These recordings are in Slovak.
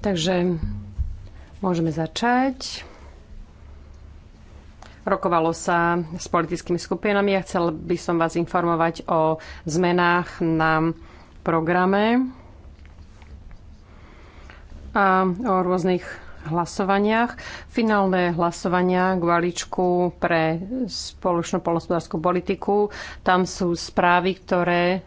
Takže môžeme začať. Rokovalo sa s politickými skupinami a ja chcel by som vás informovať o zmenách na programe a o rôznych hlasovaniach. Finálne hlasovania k valičku pre spoločnú polnospodárskú politiku. Tam sú správy, ktoré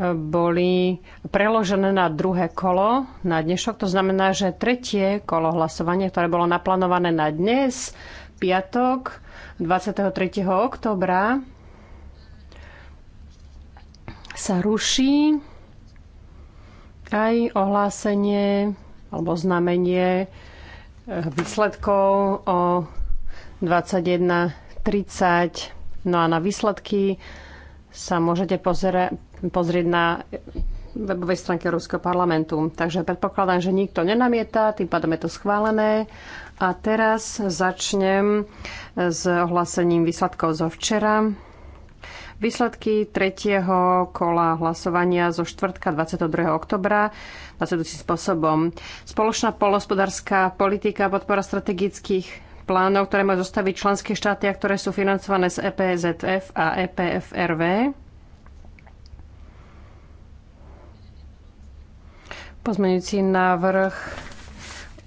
boli preložené na druhé kolo na dnešok. To znamená, že tretie kolo hlasovania, ktoré bolo naplánované na dnes, piatok 23. oktobra, sa ruší aj ohlásenie alebo znamenie e, výsledkov o 21.30. No a na výsledky sa môžete pozerať pozrieť na webovej stránke Európskeho parlamentu. Takže predpokladám, že nikto nenamieta, tým pádom je to schválené. A teraz začnem s ohlásením výsledkov zo včera. Výsledky tretieho kola hlasovania zo štvrtka 22. oktobra nasledujúcim spôsobom. Spoločná polospodárska politika a podpora strategických plánov, ktoré majú zostaviť členské štáty a ktoré sú financované z EPZF e a EPFRV Pozmeňujúci návrh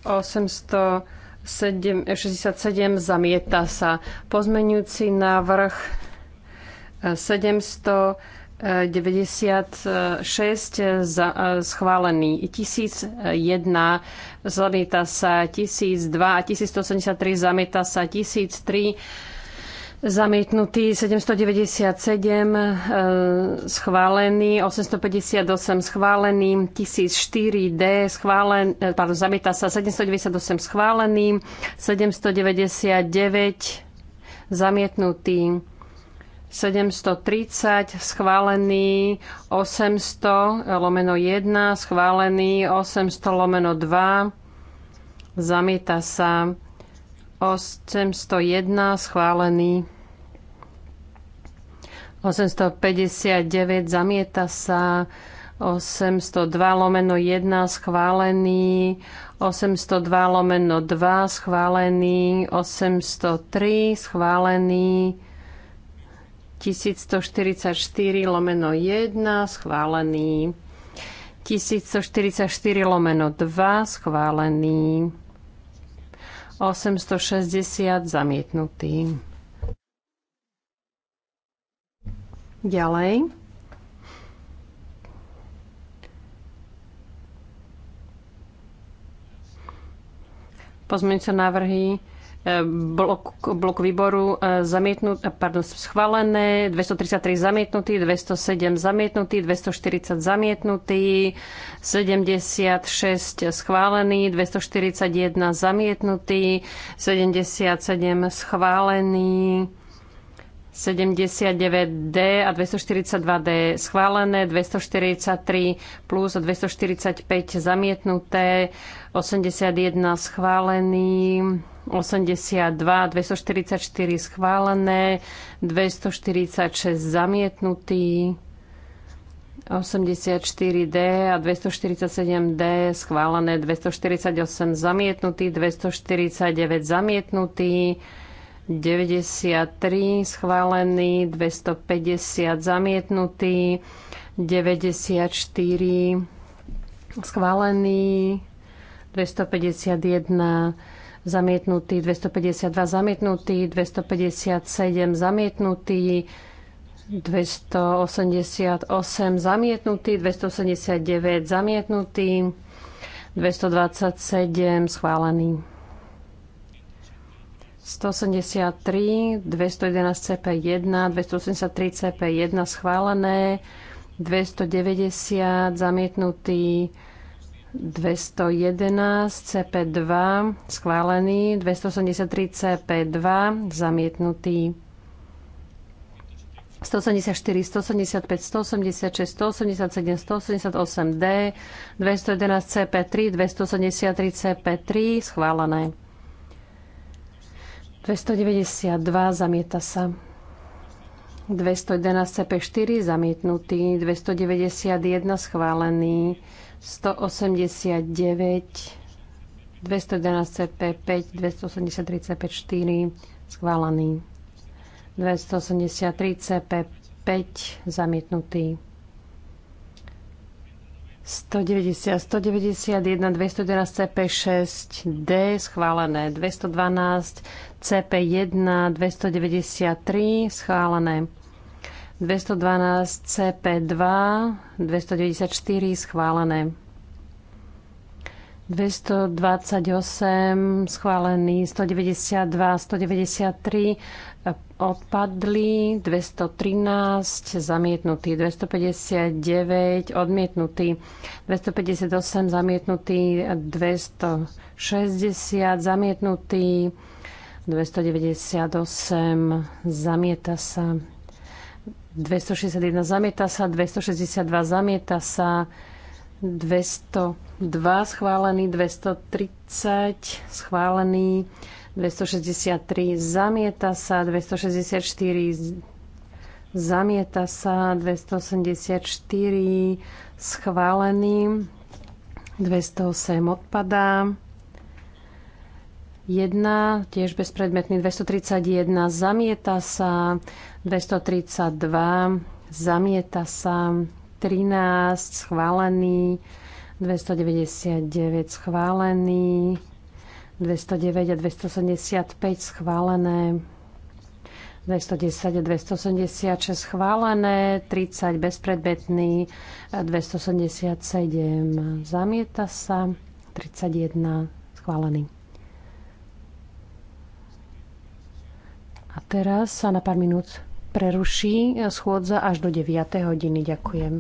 867 eh, zamieta sa. Pozmeňujúci návrh 796 eh, eh, za, schválený, 1001 zamieta sa, 1002 a 1173 zamieta sa, 1003 Zamietnutý 797 eh, schválený, 858 schválený, 1004D schválen, eh, pardon, zamieta sa 798 schválený, 799 zamietnutý, 730 schválený, 800 eh, lomeno 1 schválený, 800 lomeno 2 zamieta sa, 801 schválený. 859 zamieta sa, 802 lomeno 1 schválený, 802 lomeno 2 schválený, 803 schválený, 1144 lomeno 1 schválený, 1144 lomeno 2 schválený, 860 zamietnutý. Ďalej. Pozmeňujúce návrhy e, blok, blok výboru e, zamietnut, e, pardon, schválené, 233 zamietnutý, 207 zamietnutý, 240 zamietnutý, 76 schválený, 241 zamietnutý, 77 schválený, 79D a 242D schválené, 243 plus a 245 zamietnuté, 81 schválený, 82, 244 schválené, 246 zamietnutý, 84D a 247D schválené, 248 zamietnutý, 249 zamietnutý, 93 schválený, 250 zamietnutý, 94 schválený, 251 zamietnutý, 252 zamietnutý, 257 zamietnutý, 288 zamietnutý, 289 zamietnutý, 227 schválený. 183, 211 CP1, 283 CP1 schválené, 290 zamietnutý, 211 CP2 schválený, 283 CP2 zamietnutý. 174, 175, 186, 187, 188D, 211 CP3, 273 CP3 schválené. 292 zamieta sa. 211 CP4 zamietnutý, 291 schválený, 189, 211 CP5, 283 CP4 schválený, 283 CP5 zamietnutý. 190, 191, 211 CP6, D schválené, 212 CP1 293 schválené. 212 CP2 294 schválené. 228 schválený, 192, 193 e, odpadli, 213 zamietnutý, 259 odmietnutý, 258 zamietnutý, 260 zamietnutý, 298 zamieta sa, 261 zamieta sa, 262 zamieta sa, 202 schválený, 230 schválený, 263 zamieta sa, 264 zamieta sa, 284 schválený, 208 odpadá, 1, tiež bezpredmetný 231, zamieta sa 232, zamieta sa 13, schválený 299, schválený 209 a 275, schválené 210 a 276, schválené 30, bezpredmetný 277, zamieta sa 31, schválený. A teraz sa na pár minút preruší schôdza až do 9. hodiny. Ďakujem.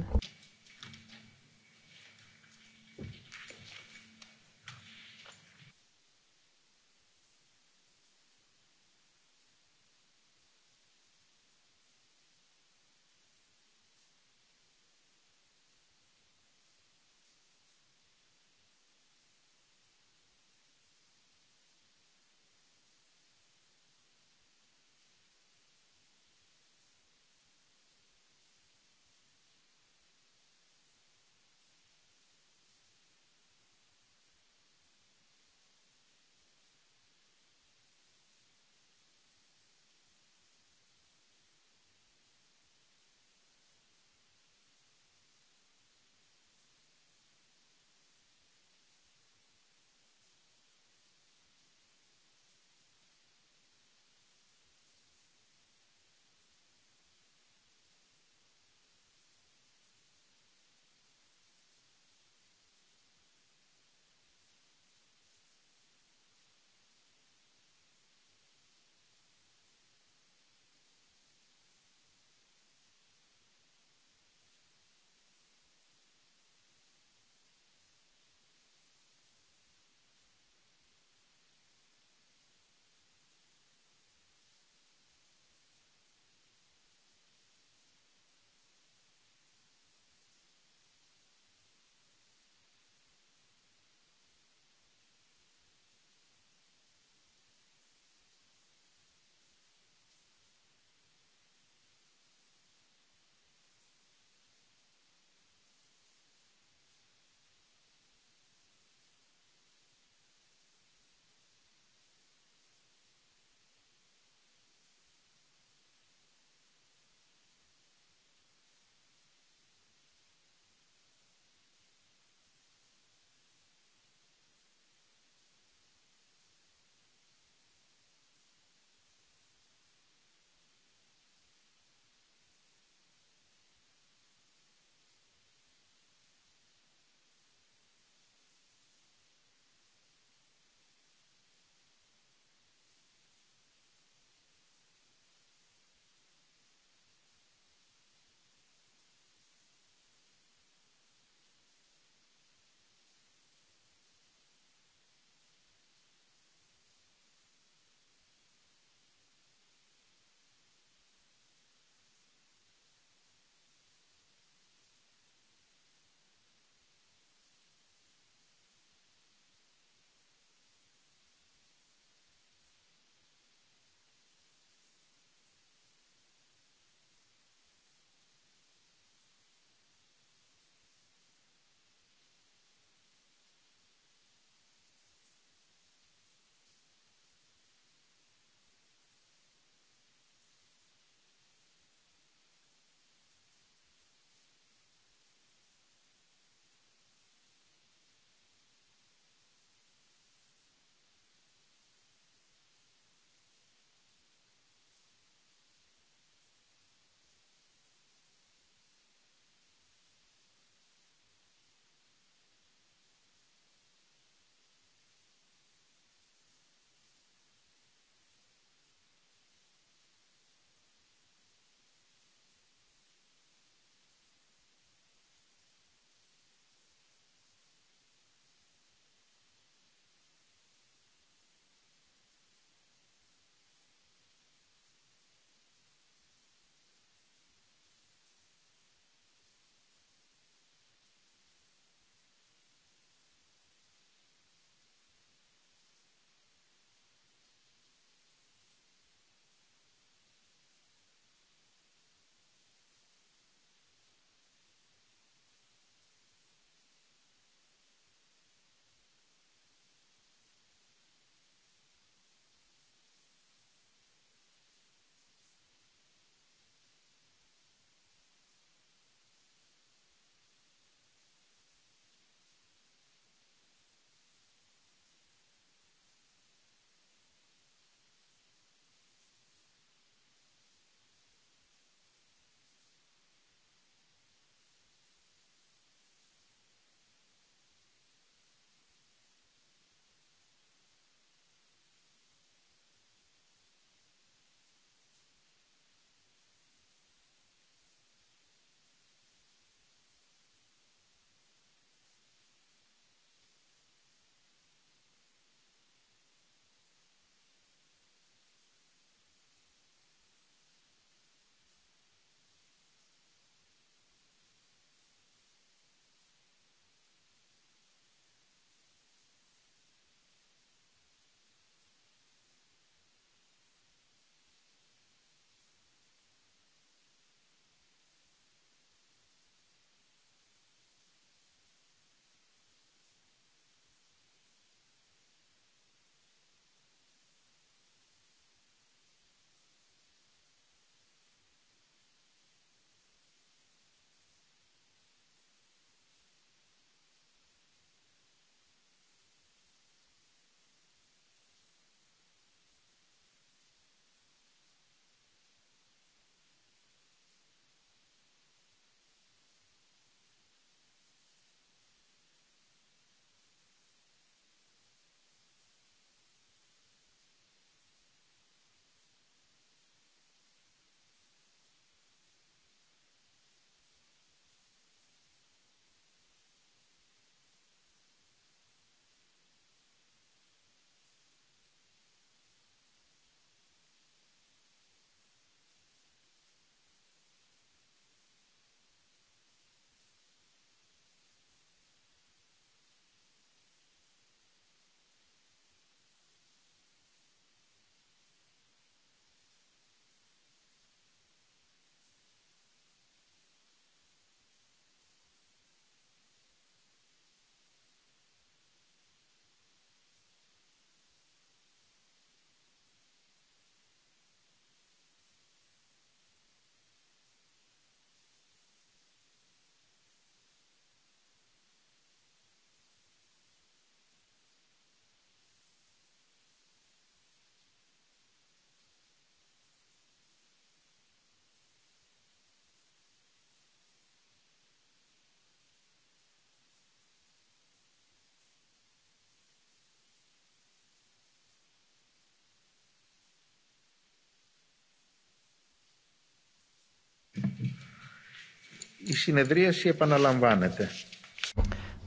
Η συνεδρίαση επαναλαμβάνεται.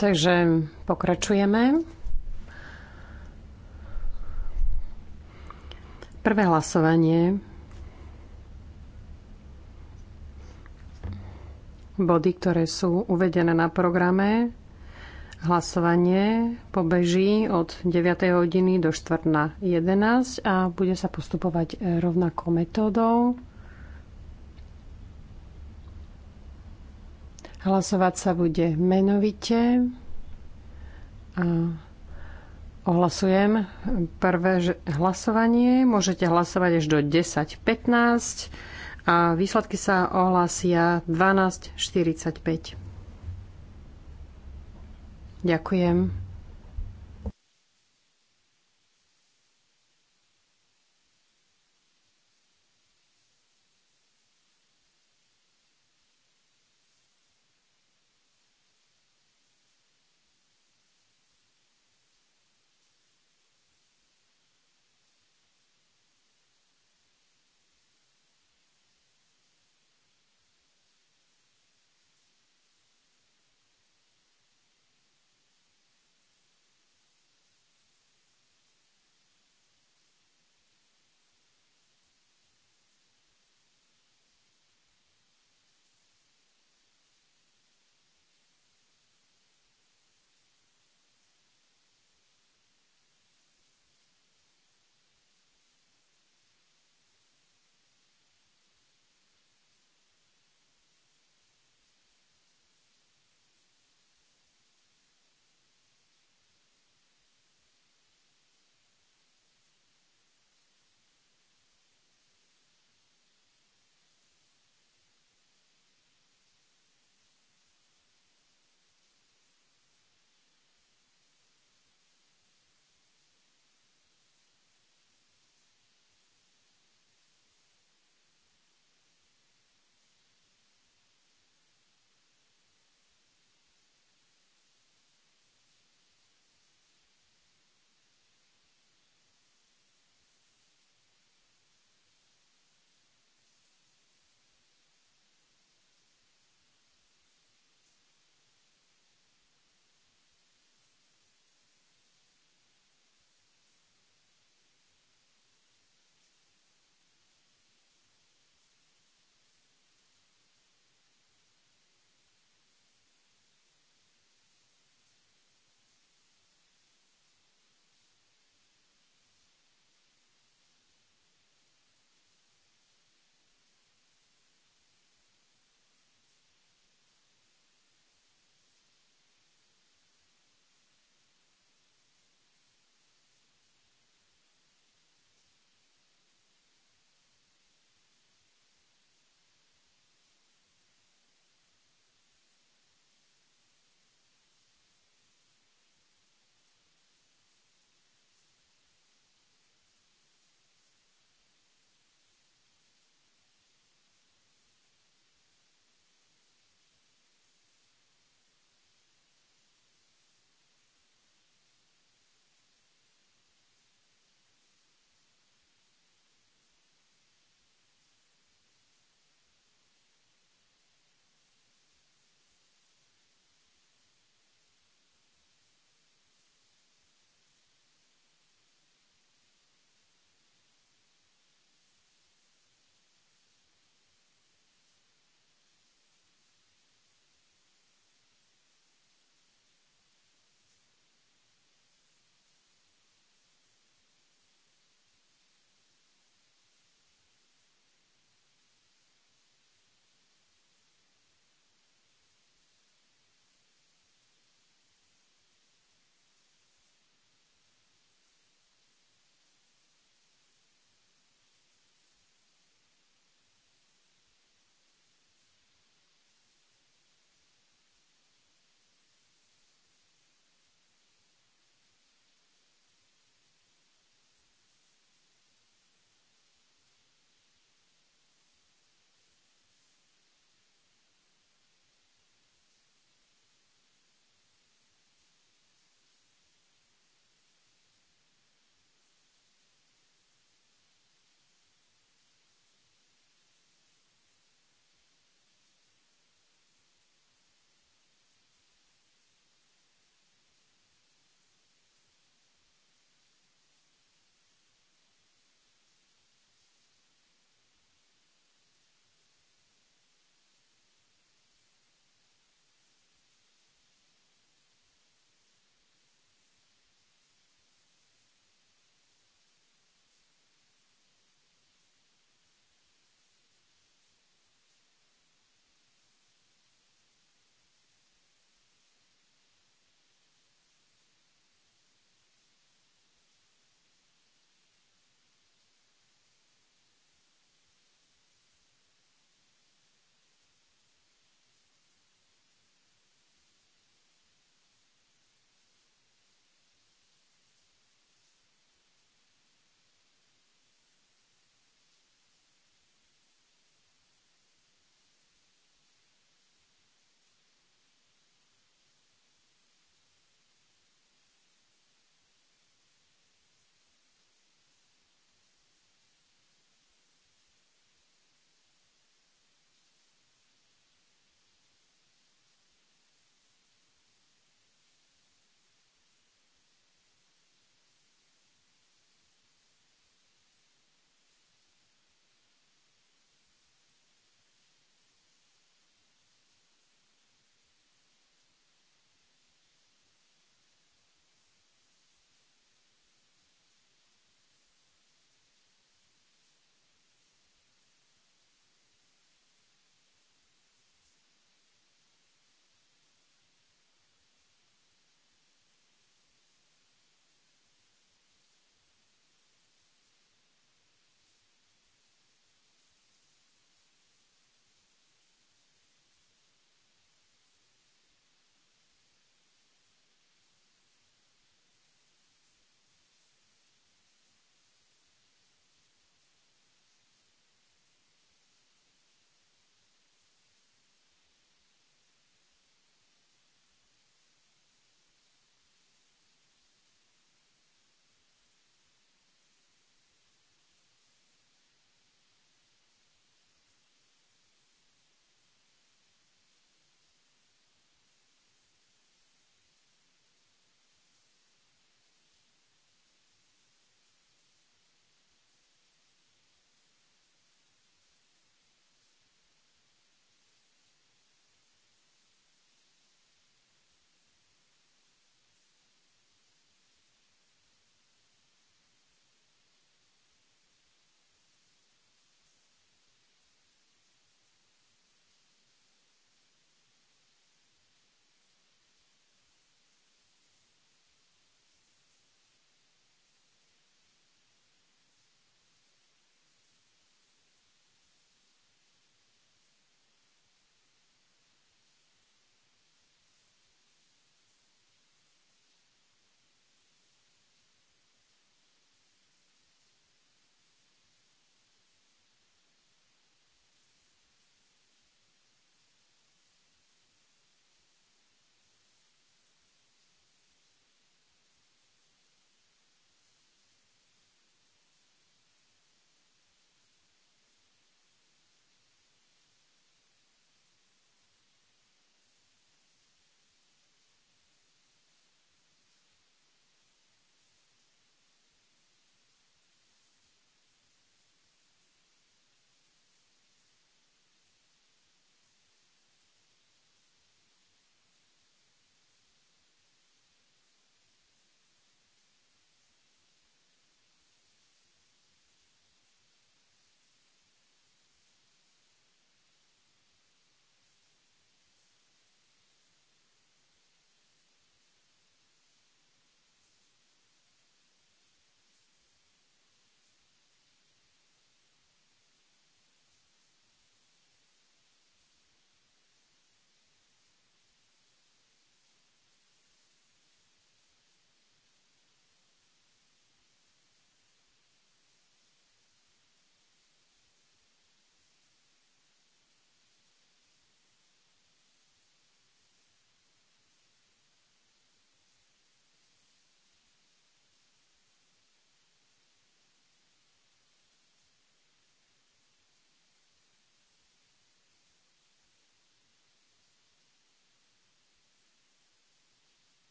Takže pokračujeme. Prvé hlasovanie. Body, ktoré sú uvedené na programe. Hlasovanie pobeží od 9. hodiny do 4.11 a bude sa postupovať rovnakou metódou. Hlasovať sa bude menovite. A ohlasujem prvé hlasovanie. Môžete hlasovať až do 10.15 a výsledky sa ohlasia 12.45. Ďakujem.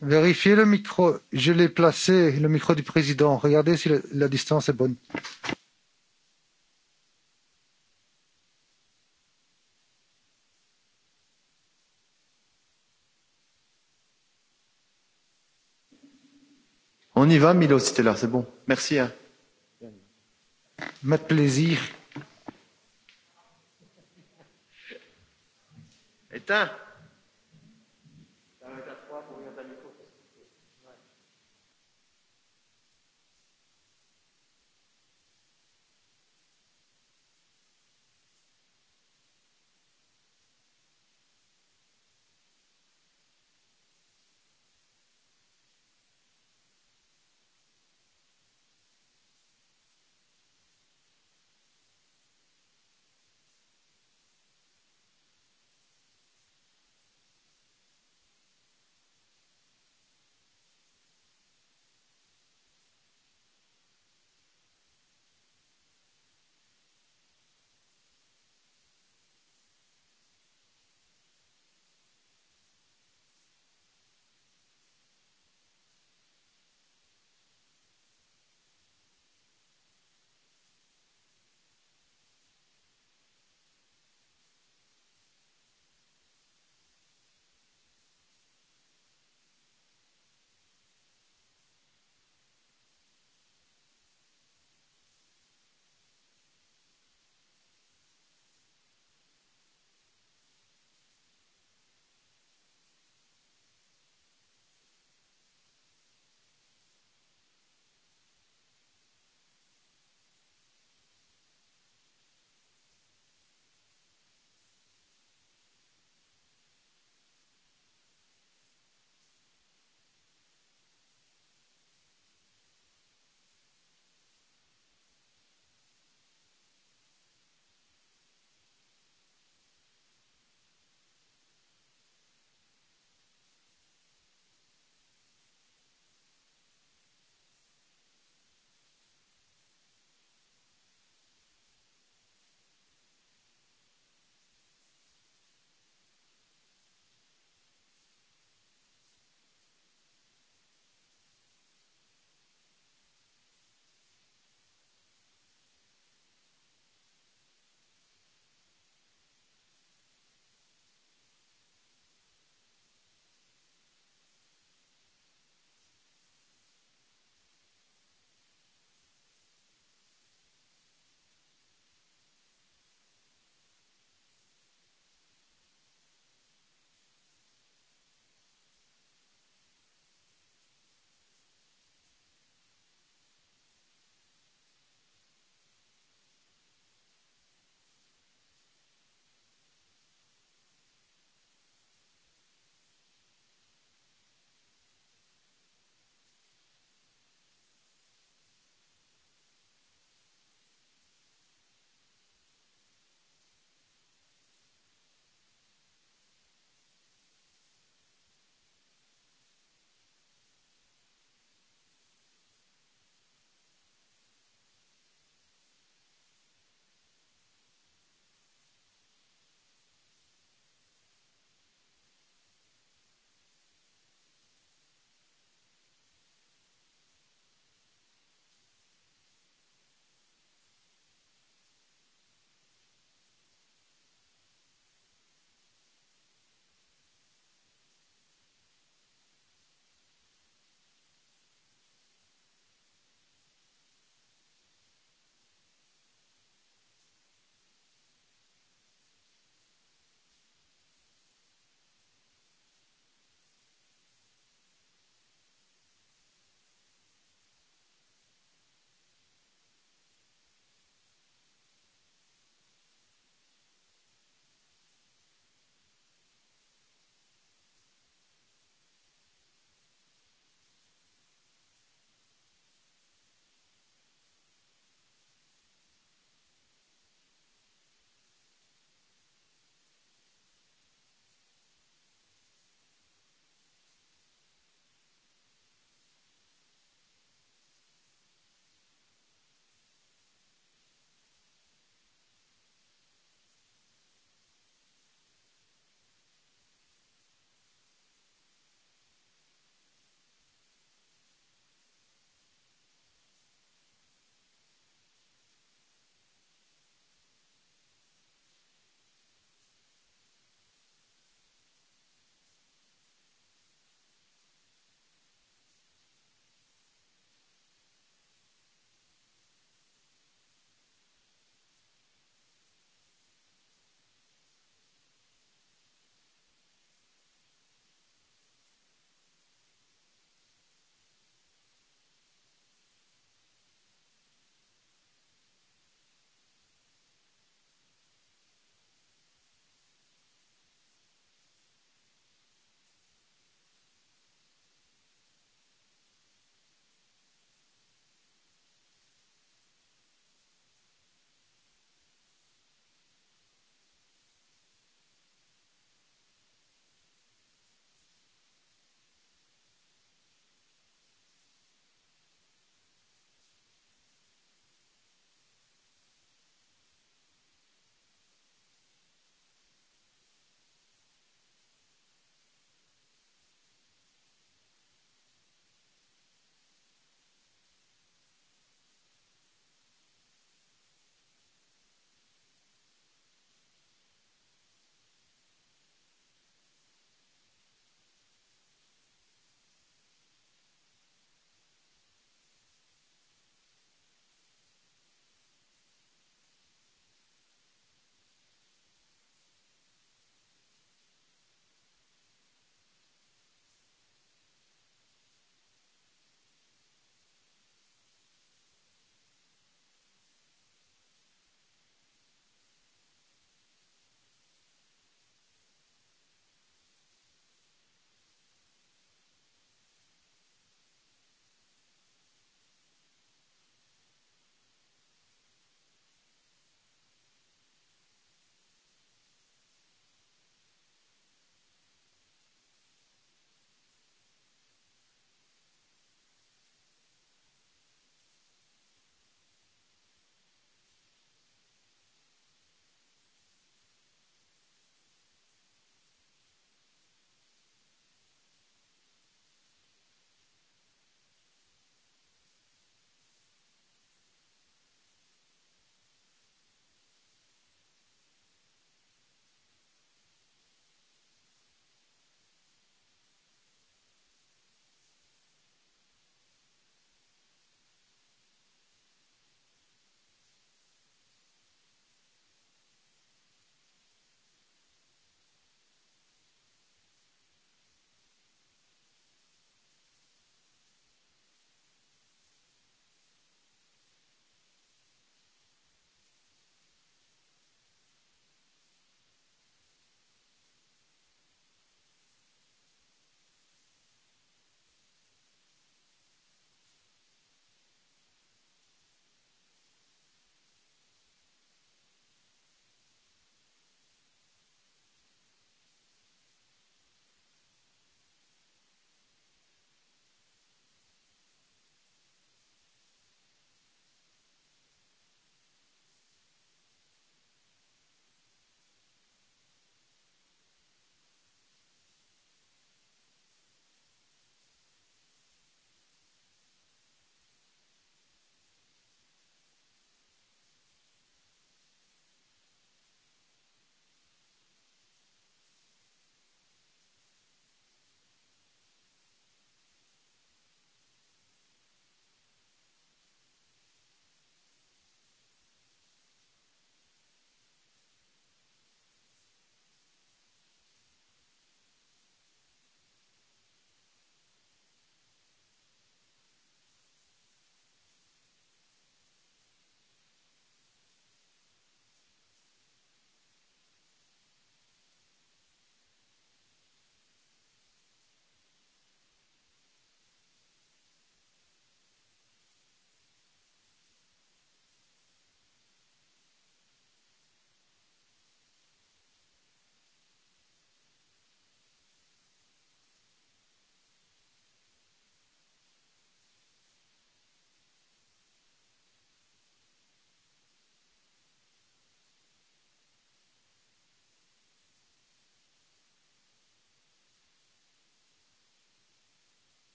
Vérifiez le micro. Je l'ai placé, le micro du président. Regardez si le, la distance est bonne. On y va, Milo, si là, c'est bon. Merci. Hein. Ma plaisir. Éteins.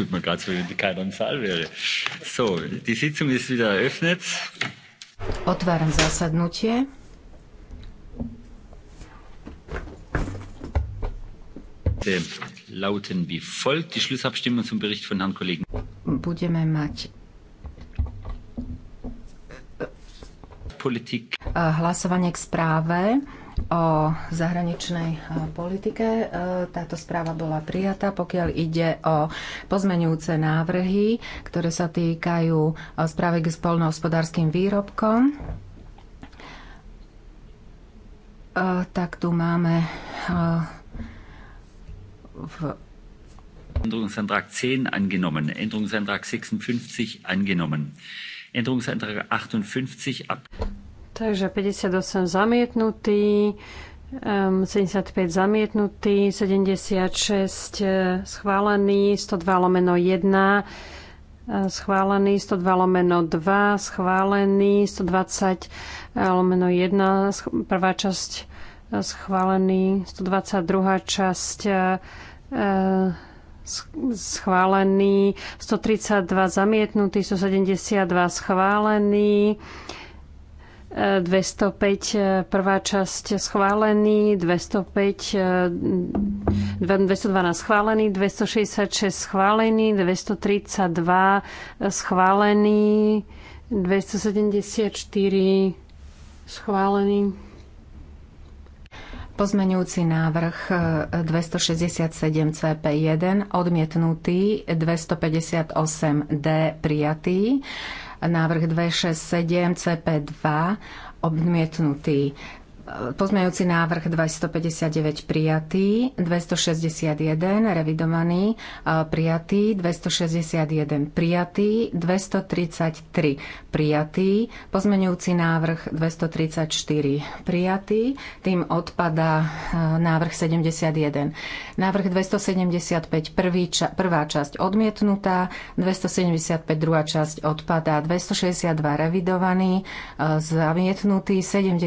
tut mir gerade so, wenn die keiner im Saal wäre. So, die Sitzung ist wieder eröffnet. Otváram zasadnutie. lauten wie folgt die Schlussabstimmung zum Bericht von Herrn Kollegen. Budeme mať Politik. Eh, hlasovanie k správe o zahraničnej e, politike. E, táto správa bola prijatá, pokiaľ ide o pozmenujúce návrhy, ktoré sa týkajú e, správy k spolnohospodárským výrobkom. Tak tu máme v Änderungsantrag 10 angenommen, Änderungsantrag 56 angenommen, Änderungsantrag 58 ab. Takže 58 zamietnutý, 75 zamietnutý, 76 e, schválený, 102 lomeno 1, e, schválený, 102 lomeno 2, schválený, 120 e, lomeno 1, prvá časť schválený, 122 časť schválený, 132 zamietnutý, 172 schválený, 205 e, prvá časť schválený, 205 212 e, schválený, 266 schválený, 232 schválený, 274 schválený. Pozmeňujúci návrh 267 e, CP1 odmietnutý, 258 D prijatý návrh 267 CP2 obmietnutý. Pozmejúci návrh 259 prijatý, 261 revidovaný e, prijatý, 261 prijatý, 233 prijatý, pozmeňujúci návrh 234 prijatý, tým odpadá e, návrh 71. Návrh 275 prvý ča- prvá časť odmietnutá, 275 druhá časť odpadá, 262 revidovaný, e, zamietnutý, 72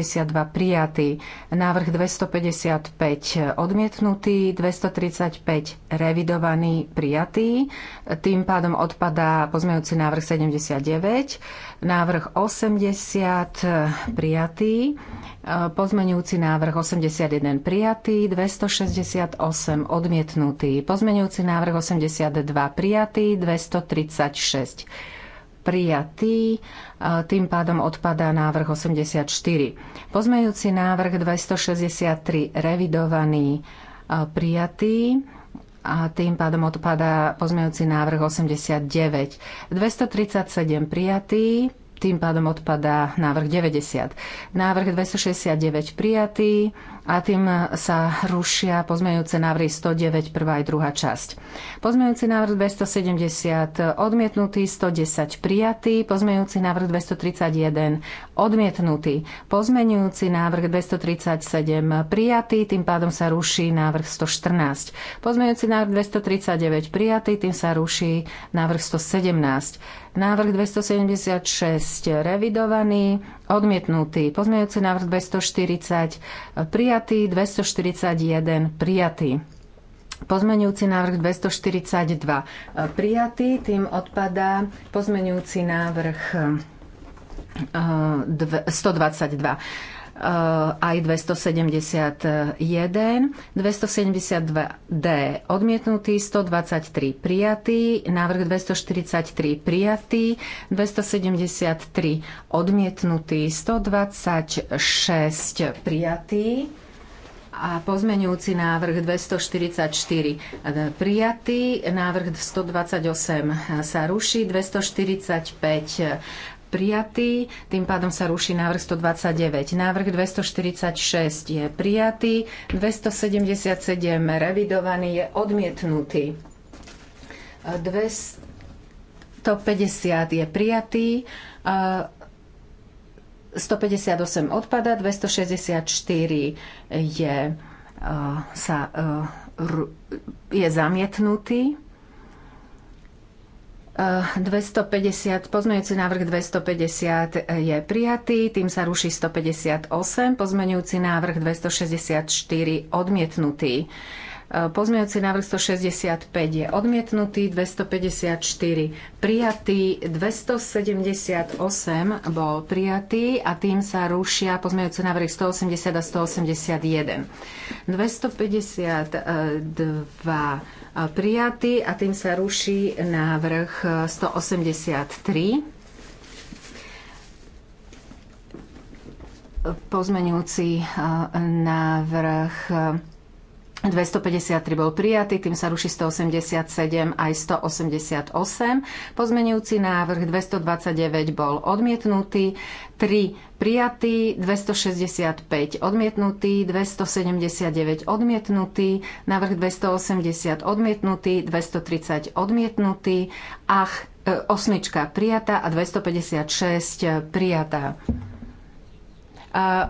prijatý, prijatý. Návrh 255 odmietnutý, 235 revidovaný prijatý. Tým pádom odpadá pozmejúci návrh 79, návrh 80 prijatý, pozmenujúci návrh 81 prijatý, 268 odmietnutý, pozmenujúci návrh 82 prijatý, 236 prijatý, tým pádom odpadá návrh 84. Pozmejúci návrh 263 revidovaný prijatý a tým pádom odpadá pozmejúci návrh 89. 237 prijatý, tým pádom odpadá návrh 90. Návrh 269 prijatý, a tým sa rušia pozmeňujúce návrhy 109, prvá aj druhá časť. Pozmeňujúci návrh 270 odmietnutý, 110 prijatý, pozmeňujúci návrh 231 odmietnutý, pozmeňujúci návrh 237 prijatý, tým pádom sa ruší návrh 114, pozmeňujúci návrh 239 prijatý, tým sa ruší návrh 117. Návrh 276 revidovaný, odmietnutý. Pozmeňujúci návrh 240 prijatý, prijatý, 241 prijatý. Pozmenujúci návrh 242 e, prijatý, tým odpadá pozmenujúci návrh 122 e, e, aj 271, 272D odmietnutý, 123 prijatý, návrh 243 prijatý, 273 odmietnutý, 126 prijatý a pozmenujúci návrh 244 prijatý, návrh 128 sa ruší, 245 prijatý, tým pádom sa ruší návrh 129. Návrh 246 je prijatý, 277 revidovaný je odmietnutý. 250 je prijatý, 158 odpada, 264 je, eh, sa, eh, je zamietnutý. 250, eh, pozmeňujúci návrh 250 je prijatý, tým sa ruší 158, pozmeňujúci návrh 264 odmietnutý. Pozmejúci návrh 165 je odmietnutý, 254 prijatý, 278 bol prijatý a tým sa rušia pozmejúce návrhy 180 a 181. 252 prijatý a tým sa ruší návrh 183. Pozmeňujúci e, návrh 253 bol prijatý, tým sa ruší 187 aj 188. Pozmenujúci návrh 229 bol odmietnutý, 3 prijatý, 265 odmietnutý, 279 odmietnutý, návrh 280 odmietnutý, 230 odmietnutý, ach, e, osmička prijatá a 256 prijatá a e,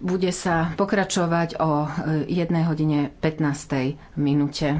bude sa pokračovať o 1 e, hodine 15. minúte.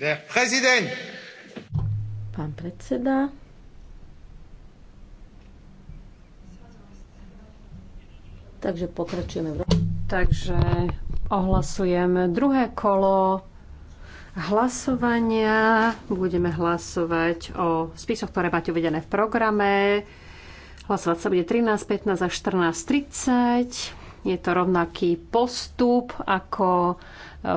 Der Präsident! Pán predseda. Takže pokračujeme v... Takže ohlasujem druhé kolo hlasovania. Budeme hlasovať o spisoch, ktoré máte uvedené v programe. Hlasovať sa bude 13, 15 a 14.30. Je to rovnaký postup ako e,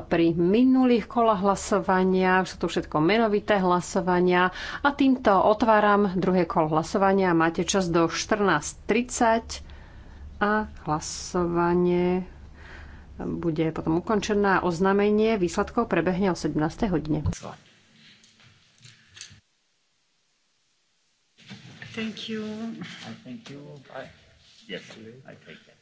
pri minulých kolách hlasovania. Už sú to všetko menovité hlasovania. A týmto otváram druhé kolo hlasovania. Máte čas do 14.30 a hlasovanie bude potom ukončené oznámenie výsledkov prebehne o 17. hodine. Thank you. I thank you. I, yes, I take that.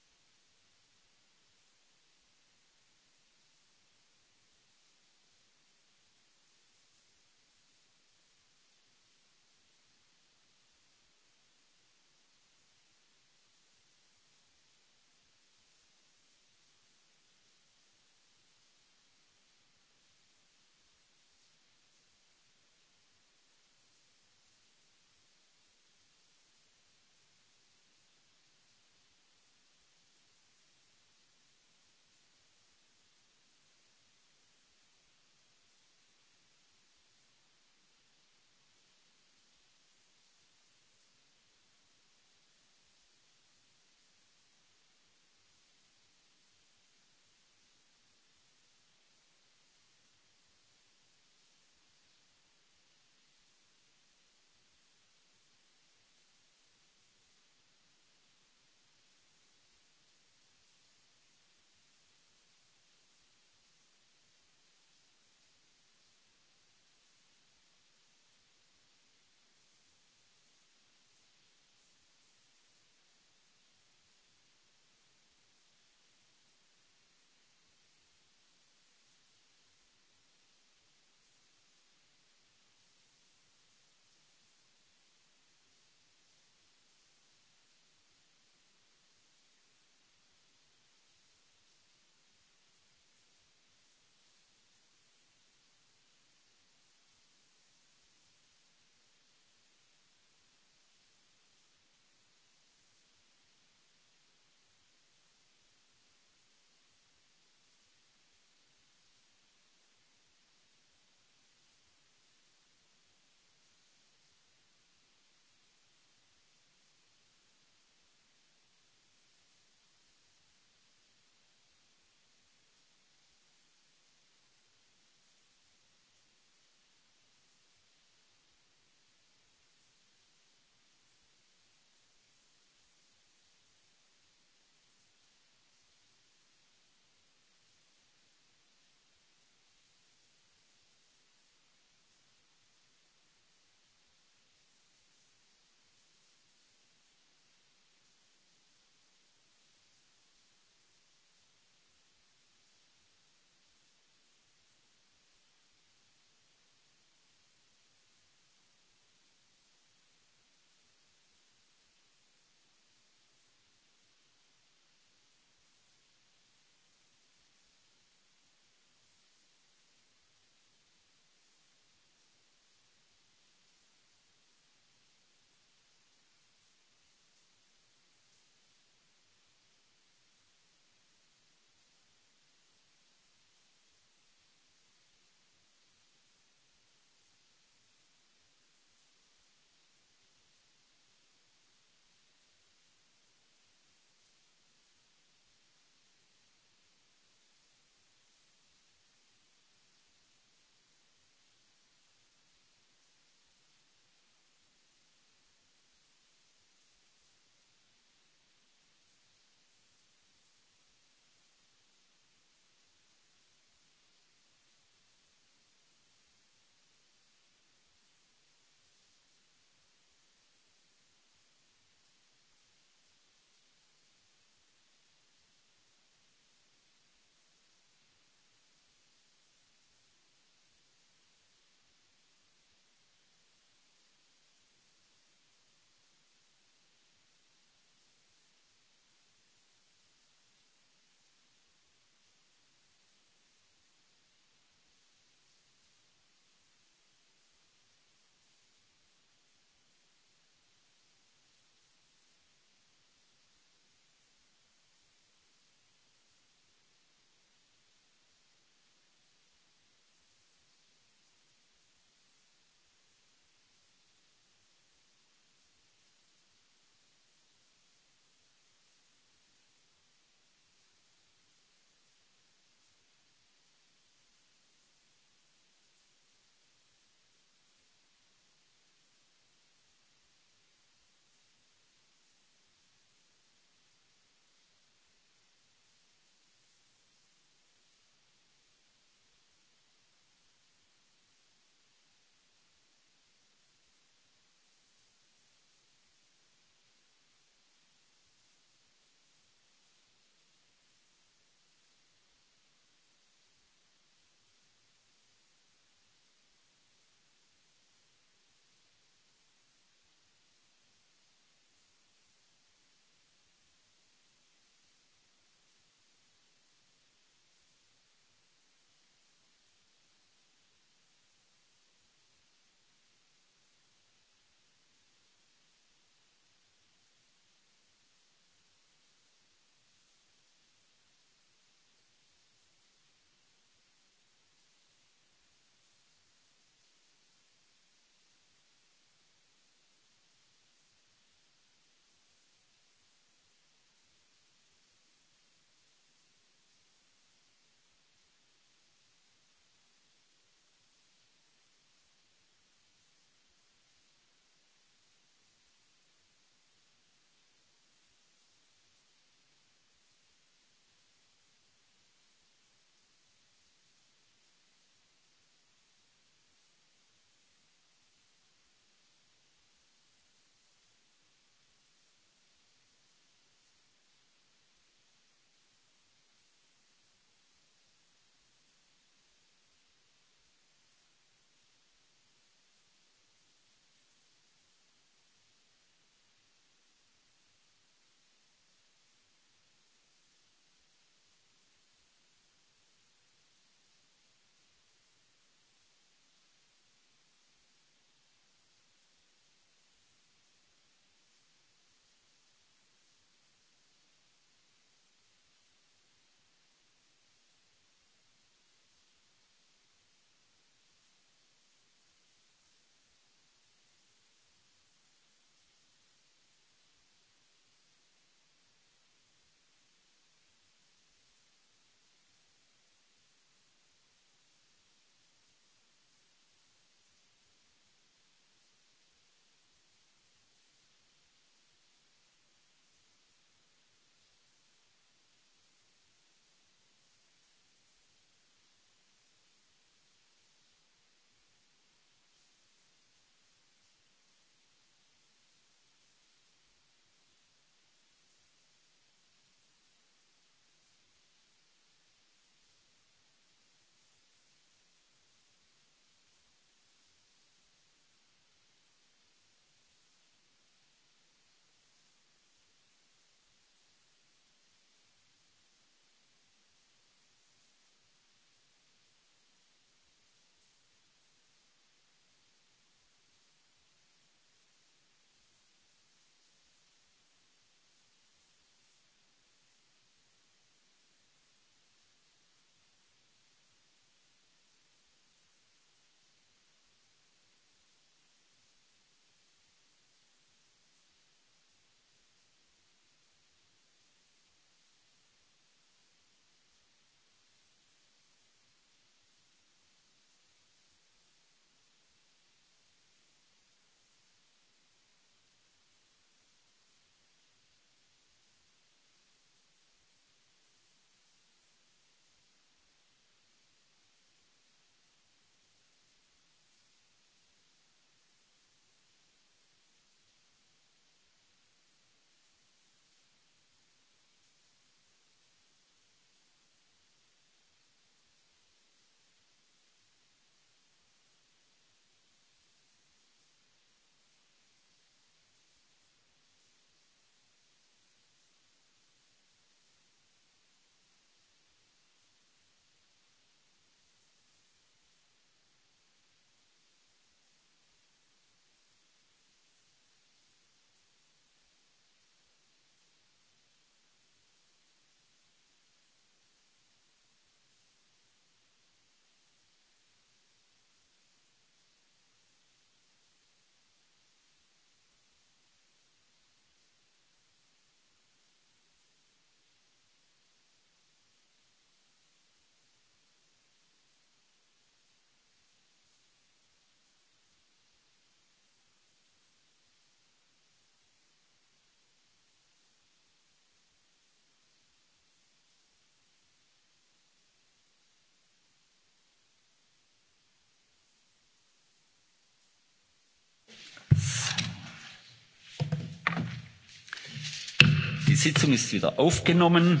Sitzung ist wieder aufgenommen.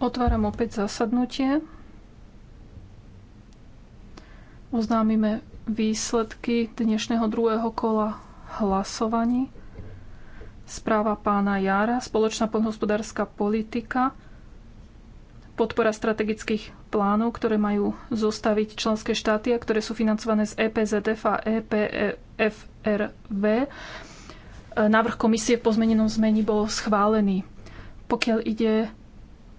Otváram opäť zasadnutie. Oznámime výsledky dnešného druhého kola hlasovaní. Správa pána Jara, spoločná poľnohospodárska politika, podpora strategických plánov, ktoré majú zostaviť členské štáty a ktoré sú financované z EPZF a EPFRV. Návrh komisie v pozmenenom zmení bol schválený. Pokiaľ ide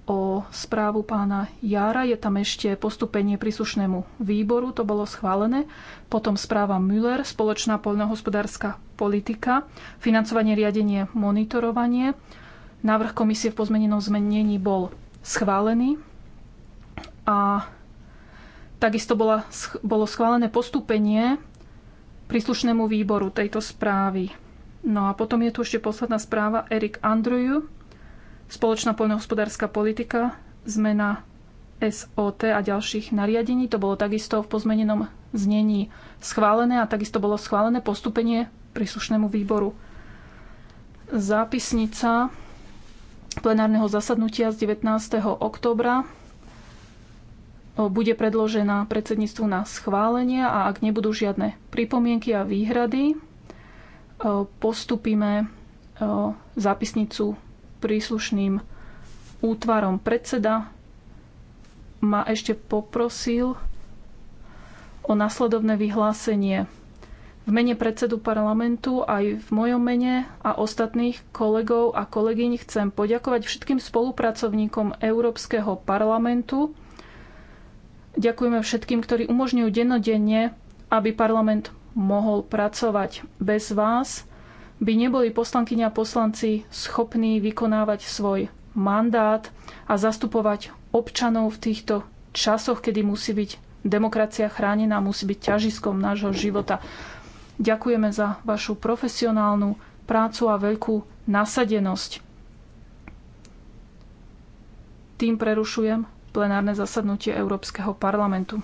o správu pána Jara, je tam ešte postupenie príslušnému výboru, to bolo schválené. Potom správa Müller, spoločná poľnohospodárska politika, financovanie, riadenie, monitorovanie. Návrh komisie v pozmenenom zmenení bol schválený a takisto bola, bolo schválené postupenie príslušnému výboru tejto správy. No a potom je tu ešte posledná správa Erik Andrew, spoločná poľnohospodárska politika, zmena SOT a ďalších nariadení. To bolo takisto v pozmenenom znení schválené a takisto bolo schválené postupenie príslušnému výboru. Zápisnica plenárneho zasadnutia z 19. oktobra bude predložená predsedníctvu na schválenie a ak nebudú žiadne pripomienky a výhrady, postupíme zápisnicu príslušným útvarom. Predseda ma ešte poprosil o nasledovné vyhlásenie. V mene predsedu parlamentu aj v mojom mene a ostatných kolegov a kolegyň chcem poďakovať všetkým spolupracovníkom Európskeho parlamentu. Ďakujeme všetkým, ktorí umožňujú dennodenne, aby parlament mohol pracovať. Bez vás by neboli poslankyňa a poslanci schopní vykonávať svoj mandát a zastupovať občanov v týchto časoch, kedy musí byť demokracia chránená, musí byť ťažiskom nášho života. Ďakujeme za vašu profesionálnu prácu a veľkú nasadenosť. Tým prerušujem plenárne zasadnutie Európskeho parlamentu.